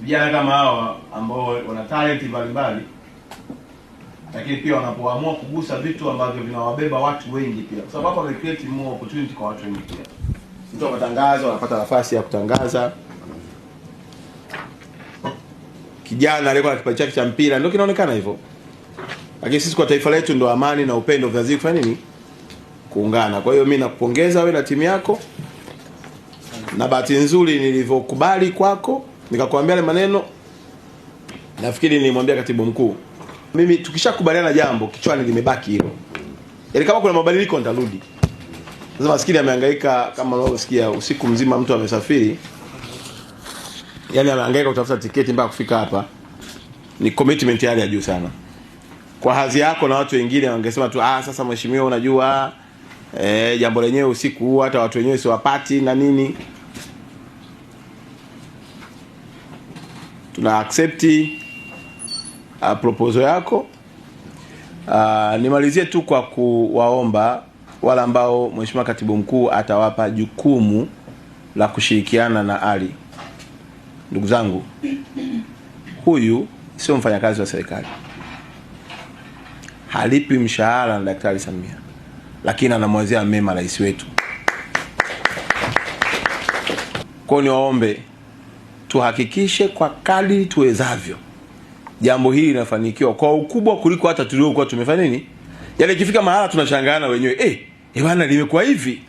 Vijana kama hawa ambao wana talenti mbalimbali, lakini pia wanapoamua kugusa vitu ambavyo vinawabeba watu wengi pia, kwa sababu wame create more opportunity kwa watu wengi pia. Mtu anatangaza, anapata nafasi ya kutangaza. Kijana aliyekuwa na kipaji chake cha mpira ndio kinaonekana hivyo, lakini sisi kwa taifa letu ndio amani na upendo vinazidi kufanya nini, kuungana. Kwa hiyo mimi nakupongeza wewe na timu yako, na bahati nzuri nilivyokubali kwako nikakwambia yale maneno nafikiri nilimwambia katibu mkuu mimi tukishakubaliana jambo kichwani limebaki hilo yaani kama kuna mabadiliko nitarudi sasa maskini amehangaika kama unavyosikia usiku mzima mtu amesafiri yani amehangaika kutafuta tiketi mpaka kufika hapa ni commitment yale ya juu sana kwa hadhi yako na watu wengine wangesema tu ah sasa mheshimiwa unajua eh, jambo lenyewe usiku huu hata watu wenyewe siwapati na nini tuna accept uh, proposal yako. Uh, nimalizie tu kwa kuwaomba wale ambao Mheshimiwa Katibu Mkuu atawapa jukumu la kushirikiana na Ali. Ndugu zangu, huyu sio mfanyakazi wa serikali, halipi mshahara na Daktari Samia, lakini anamwazia mema rais wetu. Kwa niwaombe tuhakikishe kwa kadri tuwezavyo jambo hili linafanikiwa kwa ukubwa kuliko hata tuliokuwa tumefanya nini, yale yaani ikifika mahala tunashangana wenyewe eh, hey, eh bwana limekuwa hivi.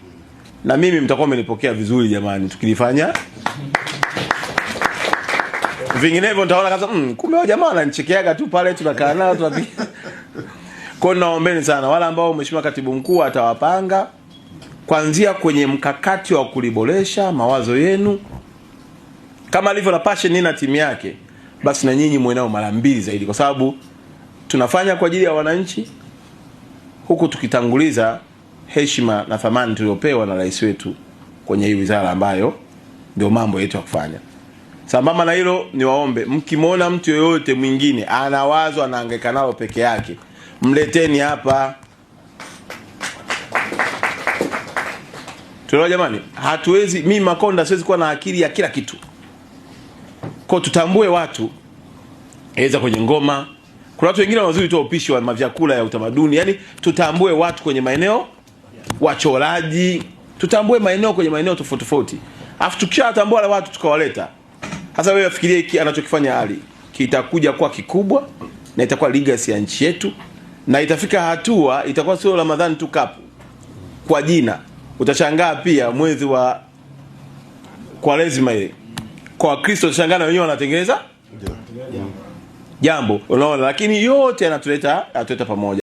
Na mimi mtakuwa mmenipokea vizuri jamani, tukilifanya vinginevyo nitaona kaza mm, kumbe jamaa wananichekeaga tu pale, tunakaa nao tunapiga. Kwa naombeni sana wale ambao mheshimiwa katibu mkuu atawapanga kuanzia kwenye mkakati wa kuliboresha mawazo yenu kama alivyo na passion na timu yake, basi na nyinyi muwe nao mara mbili zaidi, kwa sababu tunafanya kwa ajili ya wananchi, huku tukitanguliza heshima na thamani tuliyopewa na rais wetu kwenye hii wizara ambayo ndio mambo yetu ya kufanya. Sambamba na hilo, niwaombe mkimwona mtu yoyote mwingine anawazwa anahangaika nalo peke yake, mleteni hapa. Tunaona jamani, hatuwezi mimi Makonda siwezi kuwa na akili ya kila kitu. Kwa tutambue watu weza kwenye ngoma, kuna watu wengine wazuri tu upishi wa mavyakula ya utamaduni, yani tutambue watu kwenye maeneo wachoraji, tutambue maeneo kwenye maeneo tofauti tofauti, afu tukishatambua wale watu tukawaleta. Hasa wewe afikirie hiki anachokifanya hali kitakuja kuwa kikubwa na itakuwa legacy ya nchi yetu, na itafika hatua itakuwa sio Ramadhani tu kapu kwa jina, utachangaa pia mwezi wa kwa lazima ile kwa Wakristo shangana wenyewe wanatengeneza jambo, unaona. Lakini yote yanatuleta yanatuleta pamoja.